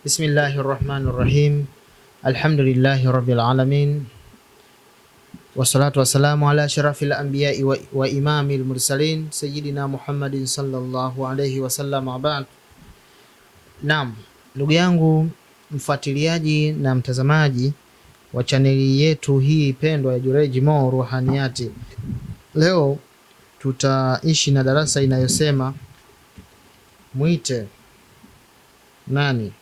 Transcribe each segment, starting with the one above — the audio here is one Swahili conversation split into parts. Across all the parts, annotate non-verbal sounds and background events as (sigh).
Bismillahi rahmani rahim, alhamdulillahi rabbil alamin, wassalatu wassalamu ala ashrafil anbiyai wa, wa imamil mursalin sayyidina Muhammadin sallallahu alayhi wasallam, abad. Naam, ndugu yangu mfuatiliaji na mtazamaji wa chaneli yetu hii pendwa ya jureji Mo Ruhaniyat, leo tutaishi na darasa inayosema mwite nani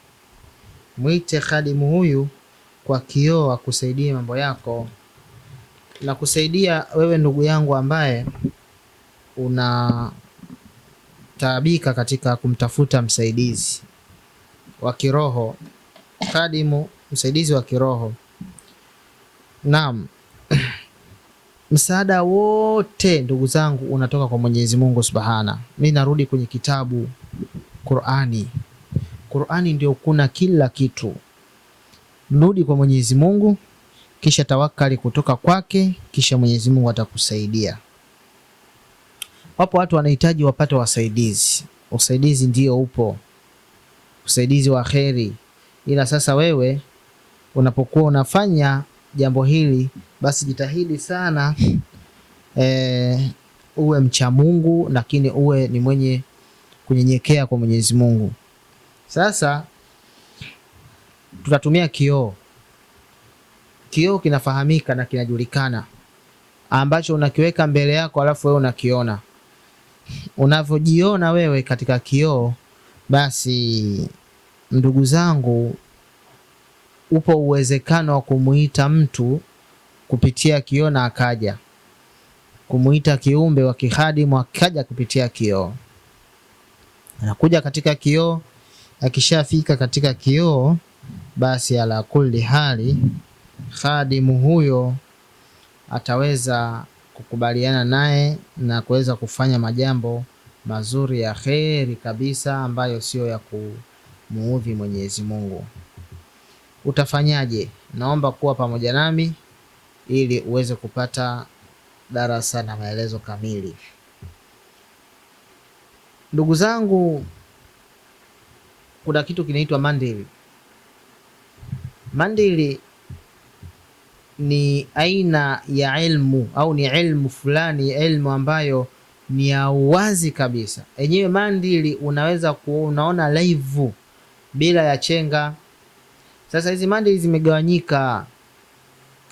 Mwite khadimu huyu kwa kioo akusaidie mambo yako, na kusaidia wewe ndugu yangu ambaye unataabika katika kumtafuta msaidizi wa kiroho, khadimu, msaidizi wa kiroho. Naam. (clears throat) Msaada wote ndugu zangu unatoka kwa Mwenyezi Mungu Subhana. Mimi narudi kwenye kitabu Qur'ani. Qur'ani ndio kuna kila kitu. Rudi kwa Mwenyezi Mungu, kisha tawakali kutoka kwake, kisha Mwenyezi Mungu atakusaidia. Wapo watu wanahitaji wapate wasaidizi. Usaidizi ndio upo, usaidizi wa kheri, ila sasa wewe unapokuwa unafanya jambo hili, basi jitahidi sana (laughs) e, uwe mcha Mungu, lakini uwe ni mwenye kunyenyekea kwa Mwenyezi Mungu. Sasa tutatumia kioo. Kioo kinafahamika na kinajulikana, ambacho unakiweka mbele yako, alafu wewe unakiona. Unavyojiona wewe katika kioo, basi ndugu zangu, upo uwezekano wa kumuita mtu kupitia kioo na akaja kumuita kiumbe wa kihadimu akaja kupitia kioo, anakuja katika kioo Akishafika katika kioo, basi ala kulli hali khadimu huyo ataweza kukubaliana naye na kuweza kufanya majambo mazuri ya kheri kabisa ambayo siyo ya kumuudhi Mwenyezi Mungu. Utafanyaje? Naomba kuwa pamoja nami ili uweze kupata darasa na maelezo kamili, ndugu zangu kuna kitu kinaitwa mandili. Mandili ni aina ya ilmu au ni ilmu fulani, ilmu ambayo ni ya uwazi kabisa. Enyewe mandili unaweza kuunaona live bila ya chenga. Sasa hizi mandili zimegawanyika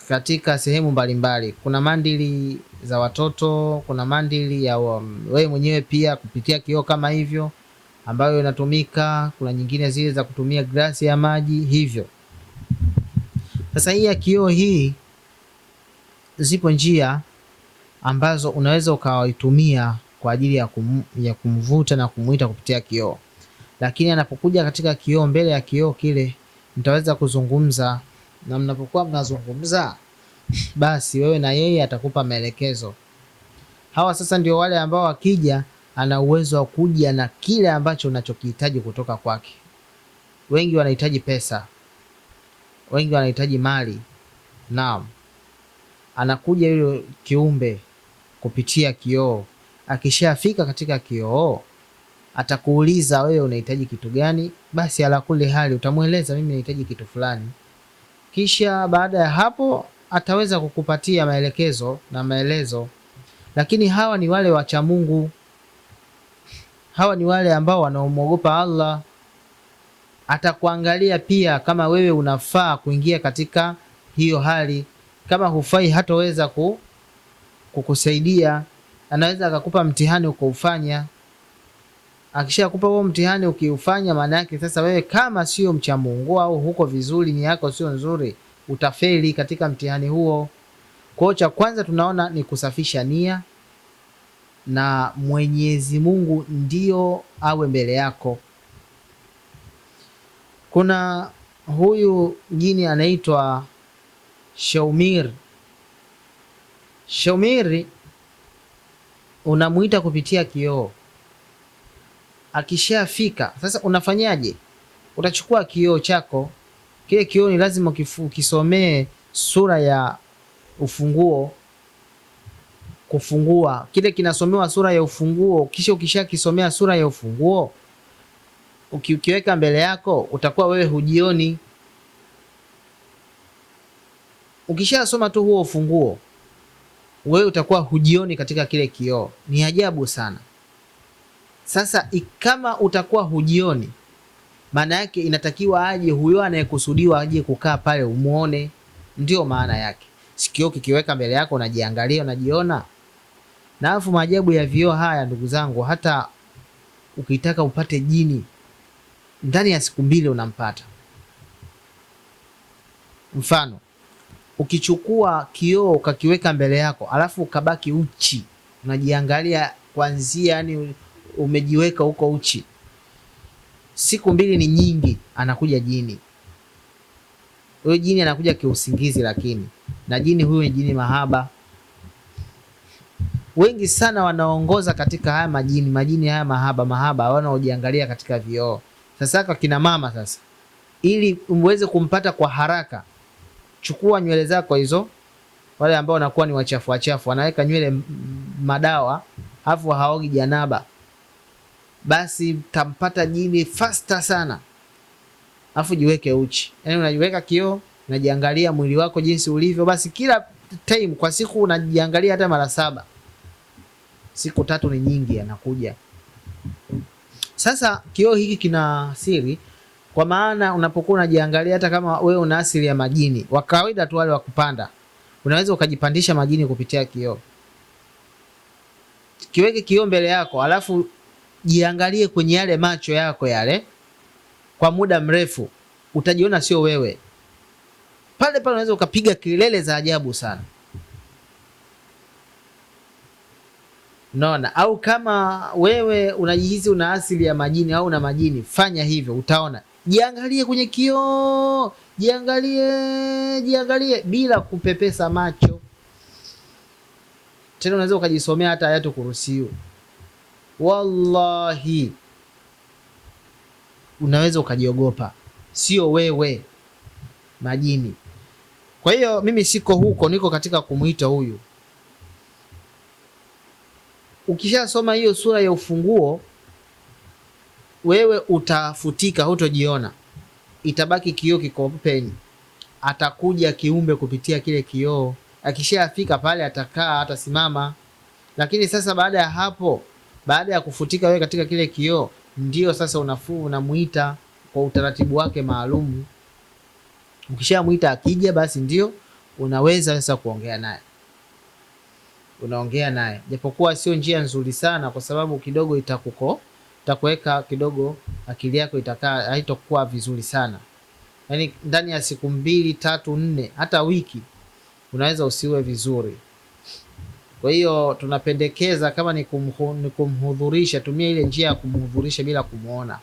katika sehemu mbalimbali. Kuna mandili za watoto, kuna mandili ya um, wewe mwenyewe pia kupitia kioo kama hivyo ambayo inatumika, kuna nyingine zile za kutumia glasi ya maji hivyo. Sasa hii ya kioo hii, zipo njia ambazo unaweza ukawaitumia kwa ajili ya, kum, ya kumvuta na kumwita kupitia kioo, lakini anapokuja katika kioo, mbele ya kioo kile mtaweza kuzungumza, na mnapokuwa mnazungumza, basi wewe na yeye atakupa maelekezo. Hawa sasa ndio wale ambao wakija ana uwezo wa kuja na kile ambacho unachokihitaji kutoka kwake. Wengi wanahitaji pesa, wengi wanahitaji mali. Naam, anakuja yule kiumbe kupitia kioo. Akishafika katika kioo, atakuuliza wewe unahitaji kitu gani? Basi ala kule hali utamweleza mimi nahitaji kitu fulani, kisha baada ya hapo ataweza kukupatia maelekezo na maelezo. Lakini hawa ni wale wacha Mungu hawa ni wale ambao wanaomwogopa Allah. Atakuangalia pia kama wewe unafaa kuingia katika hiyo hali. Kama hufai, hataweza ku, kukusaidia. Anaweza akakupa mtihani ukaufanya. Akishakupa huo mtihani ukiufanya, maana yake sasa wewe kama sio mcha Mungu au huko vizuri, ni yako sio nzuri, utafeli katika mtihani huo. Kwa hiyo cha kwanza tunaona ni kusafisha nia na Mwenyezi Mungu ndio awe mbele yako. Kuna huyu jini anaitwa Shaumir. Shaumiri unamwita kupitia kioo, akishafika sasa unafanyaje? Utachukua kioo chako, kile kioo ni lazima ukisomee sura ya ufunguo kufungua kile kinasomewa sura ya ufunguo. Kisha ukishakisomea sura ya ufunguo ukiweka mbele yako utakuwa wewe hujioni. Ukishasoma tu huo ufunguo wewe utakuwa hujioni katika kile kioo. Ni ajabu sana. Sasa kama utakuwa hujioni, maana yake inatakiwa aje huyo anayekusudiwa aje kukaa pale umuone, ndio maana yake. Sikio kikiweka mbele yako unajiangalia, unajiona na alafu maajabu ya vioo haya ndugu zangu, hata ukitaka upate jini ndani ya siku mbili unampata. Mfano, ukichukua kioo ukakiweka mbele yako alafu ukabaki uchi, unajiangalia kwanzia, yani umejiweka huko uchi, siku mbili ni nyingi, anakuja jini. Huyo jini anakuja kiusingizi, lakini na jini huyo ni jini mahaba wengi sana wanaongoza katika haya majini majini haya mahaba mahaba, wanaojiangalia katika vioo. Sasa kwa kina mama sasa, ili uweze kumpata kwa haraka, chukua nywele zako hizo. Wale ambao wanakuwa ni wachafu wachafu wanaweka nywele madawa, afu haogi janaba, basi tampata jini faster sana. Afu jiweke uchi, yaani unajiweka kioo, unajiangalia mwili wako jinsi ulivyo, basi kila time kwa siku unajiangalia hata mara saba siku tatu ni nyingi, anakuja sasa. Kioo hiki kina siri, kwa maana unapokuwa unajiangalia, hata kama wewe una asili ya majini wa kawaida tu wale wa kupanda, unaweza ukajipandisha majini kupitia kioo. Kiweke kioo mbele yako, alafu jiangalie kwenye yale macho yako yale kwa muda mrefu, utajiona sio wewe. Pale pale unaweza ukapiga kelele za ajabu sana. Unaona, au kama wewe unajihisi una asili ya majini au una majini, fanya hivyo, utaona. Jiangalie kwenye kioo, jiangalie, jiangalie bila kupepesa macho. Tena unaweza ukajisomea hata Ayatul Kursiyu, wallahi unaweza ukajiogopa, sio wewe, majini. Kwa hiyo mimi siko huko, niko katika kumwita huyu ukishasoma hiyo sura ya ufunguo, wewe utafutika, hutojiona, itabaki kioo kiko open. Atakuja kiumbe kupitia kile kioo, akishafika pale atakaa, atasimama. Lakini sasa baada ya hapo, baada ya kufutika wewe katika kile kioo, ndio sasa unafuu, unamuita kwa utaratibu wake maalumu. Ukishamuita akija, basi ndio unaweza sasa kuongea naye unaongea naye, japokuwa sio njia nzuri sana, kwa sababu kidogo itakuko itakuweka kidogo, akili yako itakaa, haitokuwa vizuri sana. Yaani ndani ya siku mbili tatu nne hata wiki unaweza usiwe vizuri. Kwa hiyo tunapendekeza kama ni kumhudhurisha, tumia ile njia ya kumhudhurisha bila kumwona.